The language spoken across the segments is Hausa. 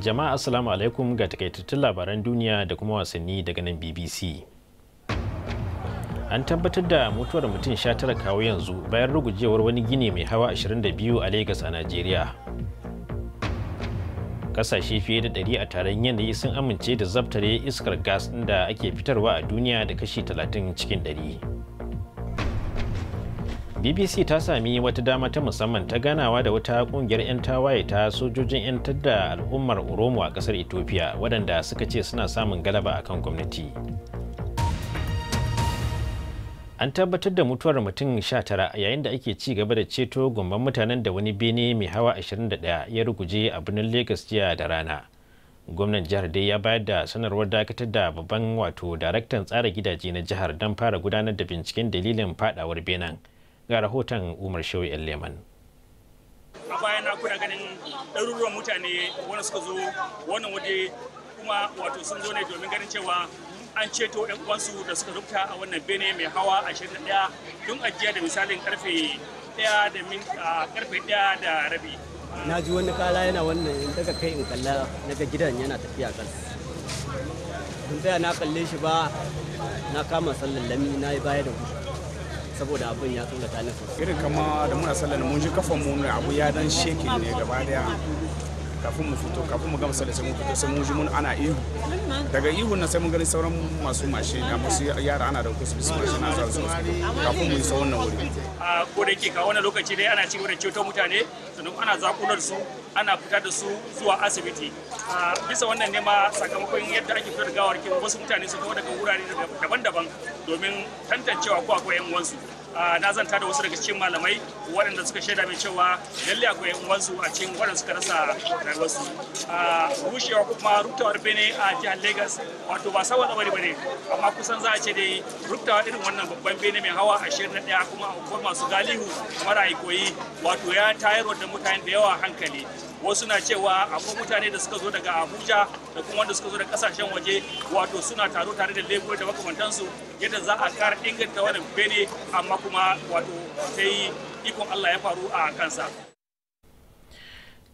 Jama'a Assalamu alaikum ga takaitattun labaran duniya da kuma wasanni daga nan BBC. An tabbatar da mutuwar mutum sha tara kawo yanzu bayan rugujewar wani gini mai hawa 22 a Legas a Najeriya. Kasashe fiye da 100 a taron yanayi sun amince da zabtare iskar gas da ake fitarwa a duniya da kashi 30 cikin 100. bbc ta sami wata dama ta musamman ta ganawa da wata kungiyar 'yan tawaye ta sojojin yan da al'ummar oromo a kasar ethiopia waɗanda suka ce suna samun galaba akan gwamnati an tabbatar da mutuwar mutum 19 yayin da ake ci gaba da ceto gumban mutanen da wani bene mai hawa 21 ya ruguje a birnin lagos jiya da rana gwamnan jihar dai ya bayar da sanarwar dakatar da babban wato daraktan tsara gidaje na jihar don fara gudanar da binciken dalilin fadawar benin ga rahoton umar shehu leman a bayan na kuna ganin ɗaruruwan mutane wani suka zo wannan waje kuma wato sun zo ne domin ganin cewa an ceto 'yan uwansu da suka rubuta a wannan bene mai hawa ɗaya tun ajiya da misalin karfe ɗaya da karfe ɗaya da rabi na ji wani kala yana wannan in daga kai in kalla na gidan yana tafiya kan tun tsaya na kalle shi ba na kama sallan lami na yi baya da kusa. saboda abin ya tsorata ni sosai irin kama da muna sallar mun ji kafan mu abu ya dan sheke ne gaba daya kafin mu fito kafin mu gama sallah sai mun fito sai mun ji ana ihu daga ihun nan sai mun gani sauran masu mashi da masu yara ana da kusa su mashi na zuwa su kafin mu isa wannan wuri a ko da yake ka wannan lokaci dai ana cigaba da ceto mutane sannan ana zakunar su ana fita da su zuwa asibiti a bisa wannan ne ma sakamakon yadda ake fitar da kin wasu mutane su kawo daga wurare daban-daban domin tantancewa ko akwai yan uwansu na zanta da wasu daga cikin malamai waɗanda suka shaida mai cewa lalle akwai uwansu a cikin waɗanda suka rasa rayuwarsu rushewa kuma ruptawar bene a jihar Legas. wato ba sawa lamari bane amma kusan za a ce dai ruktawar irin wannan babban bene mai hawa ashirin na ɗaya kuma a masu galihu mara koyi wato ya tayarwa da mutane da yawa hankali wasu na cewa akwai mutane da suka zo daga abuja da kuma wanda suka zo da kasashen waje wato suna taro tare da lagos da makamantansu yadda za a kara inganta wannan bene amma kuma wato sai ikon allah ya faru a kansa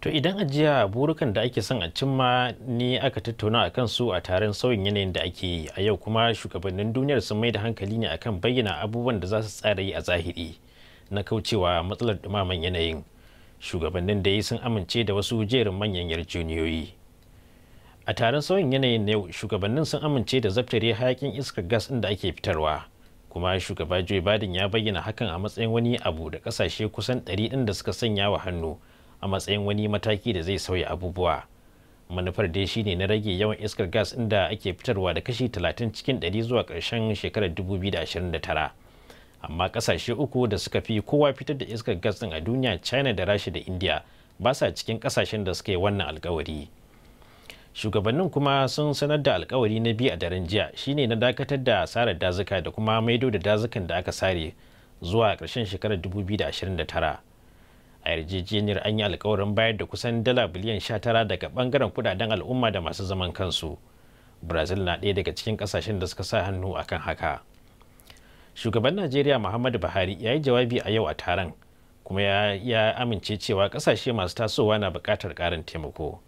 to idan ajiya burukan da ake son a cimma ne aka tattauna a kansu a taron sauyin yanayin da ake yi a yau kuma shugabannin duniyar sun mai da hankali ne akan bayyana abubuwan da za su tsara yi a zahiri na kaucewa matsalar dumaman yanayin shugabannin da yi sun amince da wasu jerin manyan yarjejeniyoyi a taron sauyin yanayin na yau shugabannin sun amince da zaftare hayakin iskar gas inda da ake fitarwa kuma shugaba joe biden ya bayyana hakan a matsayin wani abu da kasashe kusan 100 ɗin da suka sanya wa hannu a matsayin wani mataki da zai sauya abubuwa manufar dai shine na rage yawan iskar gas inda ake fitarwa da kashi 30 cikin 100 zuwa karshen shekarar 2029 amma kasashe uku da suka fi kowa fitar da iskar gas din a duniya china da rasha da india ba sa cikin kasashen da suka yi wannan alkawari shugabannin kuma sun sanar da alkawari na biyu a daren jiya shine na dakatar da asarar dazuka da kuma maido da dazukan da aka sare zuwa ƙarshen shekarar 2029 a yarjejeniyar an yi alkawarin bayar da kusan dala biliyan 19 daga bangaren kudaden al'umma da masu zaman kansu brazil na ɗaya daga cikin kasashen da suka sa hannu akan haka shugaban najeriya muhammadu buhari ya yi jawabi a yau a taron kuma ya amince cewa kasashe masu tasowa na bukatar karin taimako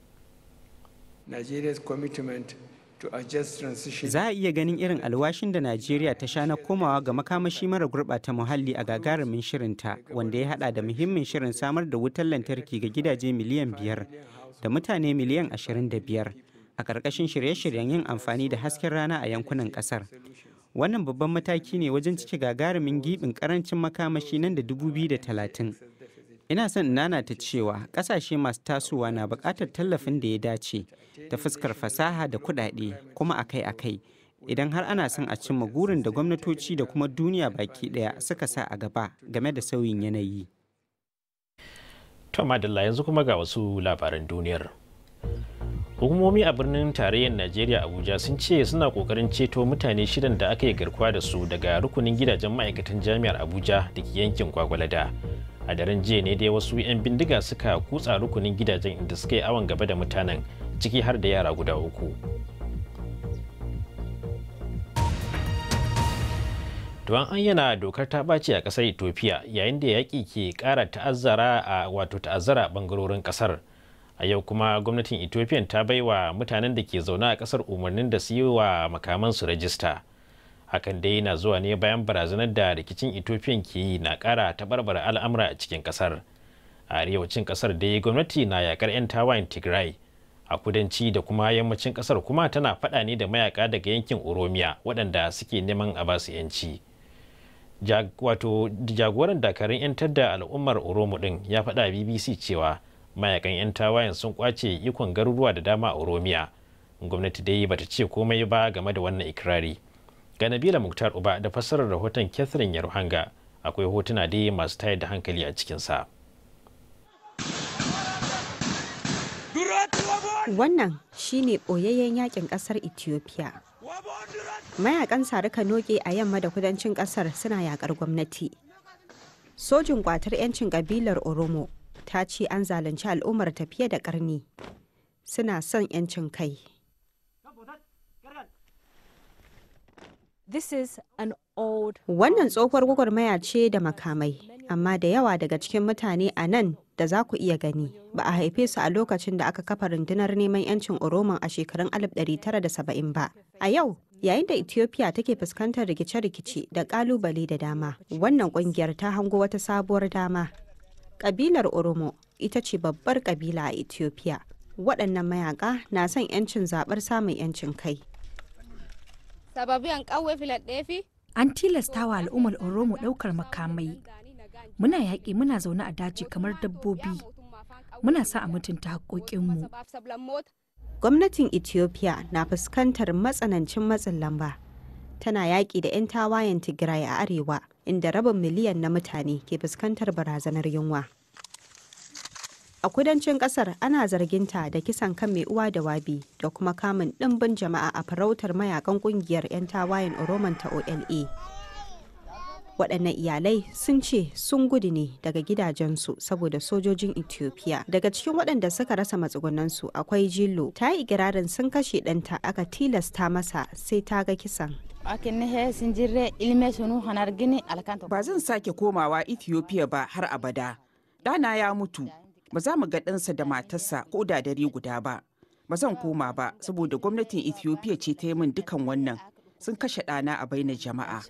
za a iya ganin irin alwashin da najeriya ta sha na komawa ga makamashi mara gurɓata muhalli a gagarumin shirinta wanda ya hada da muhimmin shirin samar da wutar lantarki ga gidaje miliyan biyar da mutane miliyan ashirin da biyar a ƙarƙashin shirye-shiryen yin amfani da hasken rana a yankunan ƙasar Wannan babban mataki ne wajen cike gagarumin giɓin ƙarancin makamashi nan da 2030. Ina son nana ta cewa ƙasashe masu tasowa na bukatar tallafin da ya dace ta fuskar fasaha da kuɗaɗe kuma akai-akai. idan har ana son a cimma gurin da gwamnatoci da kuma duniya baki daya suka sa a gaba game da sauyin yanayi. To madalla yanzu kuma ga wasu labaran duniyar. hukumomi a birnin tarayyar najeriya abuja sun ce suna kokarin ceto mutane shidan da aka yi garkuwa da su daga rukunin gidajen ma'aikatan jami'ar abuja da ke yankin kwakwalada a daren jiya ne dai wasu 'yan bindiga suka kutsa rukunin gidajen inda suka yi awon gaba da mutanen ciki har da yara guda uku don ayyana dokar ta ɓace a ƙasar ethiopia yayin da yaƙi ke ƙara ta'azzara a wato ta'azzara ɓangarorin ƙasar a yau kuma gwamnatin ethiopian ta bai wa mutanen da ke zaune a kasar umarnin da su yi wa makamansu rajista hakan dai na zuwa ne bayan barazanar da rikicin ethiopian ke yi na kara ta taɓarɓara al'amura a cikin kasar a arewacin kasar dai gwamnati na yakar 'yan tawayen tigray a kudanci da kuma yammacin kasar kuma tana faɗa ne da mayaka daga yankin oromiya waɗanda suke neman a basu 'yanci wato jagoran dakarun 'yantar da al'ummar oromo ɗin ya faɗa bbc cewa mayakan 'yan tawayen sun kwace ikon garuruwa da dama a oromiya gwamnati dai bata ce komai ba game da wannan ikirari ga nabila muktar uba da fassarar rahoton catherine yaruhanga akwai hotuna dai masu tayar da hankali a cikinsa wannan shine ɓoyayyen yakin ƙasar ethiopia mayakan sarika noge a yamma da kudancin ƙasar suna yakar gwamnati sojin kwatar 'yancin ƙabilar oromo ta ce an zalunci al'ummar ta fiye da karni suna son 'yancin kai wannan tsohuwar gwagwarmaya ce da makamai amma da yawa daga cikin mutane a nan da za ku iya gani ba a haife su a lokacin da aka kafa rundunar neman 'yancin oroman a shekarun 1970 ba a yau yayin da ethiopia take fuskantar rikice-rikice da kalubale da dama wannan kungiyar ta hango wata sabuwar dama kabilar oromo ita ce babbar kabila a ethiopia waɗannan mayaka na son 'yancin zaɓar samun 'yancin kai an tilasta wa al'ummar oromo ɗaukar makamai muna yaƙi muna zaune a daji kamar dabbobi muna sa a mutunta haƙoƙinmu gwamnatin ethiopia na fuskantar matsanancin matsin lamba tana yaƙi da 'yan tawayen tigray a arewa inda rabin miliyan na mutane ke fuskantar barazanar yunwa a kudancin kasar ana zarginta da kisan kan mai uwa da wabi da kuma kamun ɗimbin jama'a a farautar mayakan kungiyar 'yan tawayen oroman ta ola waɗannan iyalai sun ce sun gudu ne daga gidajensu saboda sojojin ethiopia daga cikin waɗanda suka rasa matsugunansu akwai jillo ta yi ikirarin sun kashe ɗanta aka tilasta masa sai ta ga kisan ba zan sake komawa ethiopia ba har abada dana ya mutu ba za mu ga ɗansa da matarsa ko da dare guda ba ba zan koma ba saboda gwamnatin ethiopia ce ta yi min dukan wannan sun kashe ɗana a baina jama'a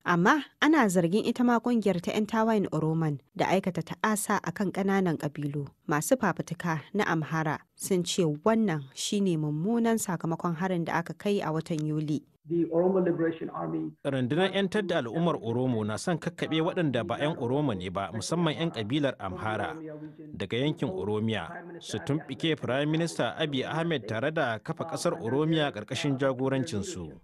Amma ana zargin ita ma kungiyar ta 'yan tawayin Oroman da aikata ta'asa a kan ƙananan ƙabilu. Masu fafutuka na Amhara sun ce wannan shine mummunan sakamakon harin da aka kai a watan Yuli. Rundunar 'yantar da al'ummar Oromo na son kakkaɓe waɗanda ba 'yan Oromo ne ba musamman 'yan ƙabilar Amhara daga yankin Oromiya su tumɓike Firayim Minista Abiy Ahmed tare da kafa ƙasar Oromiya ƙarƙashin jagorancinsu.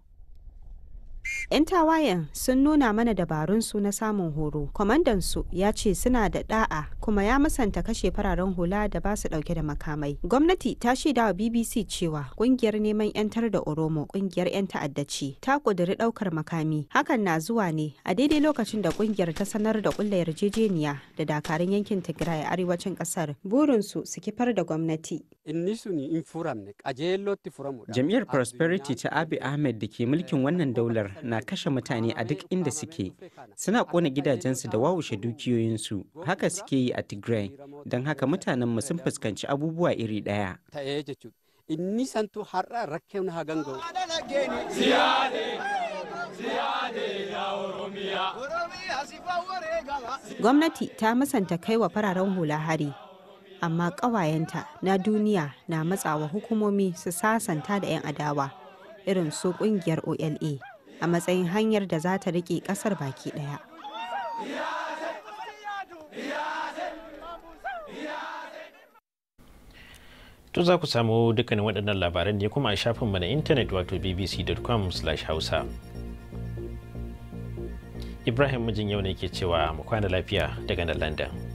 'Yan tawayen sun nuna mana dabarun su na samun horo. Kwamandansu ya ce suna da da'a kuma ya masanta kashe fararen hula da ba su dauke da makamai. Gwamnati ta shaida wa BBC cewa kungiyar neman 'yantar da Oromo kungiyar 'yan ta'adda ce ta kuduri daukar makami. Hakan na zuwa ne a daidai lokacin da kungiyar ta sanar da kulla yarjejeniya da dakarun yankin Tigray a arewacin kasar. Burinsu su kifar da gwamnati. Jam'iyyar Prosperity ta abi Ahmed da ke mulkin wannan daular na kashe mutane a duk inda suke suna kona gidajensu da wawushe dukiyoyinsu haka suke yi a tigray don haka mutanenmu sun fuskanci abubuwa iri ɗaya Gwamnati ta musanta kai wa fararen hula hari, amma ƙawayenta na duniya na matsawa hukumomi su sasanta da 'yan adawa irin su ƙungiyar OLA. a matsayin hanyar da za ta riƙe ƙasar baki ɗaya. To za ku samu dukkanin waɗannan labaran ne kuma a shafin na intanet wato bbc.com/hausa. Ibrahim mijin yau ne ke cewa mu kwana lafiya daga nan London.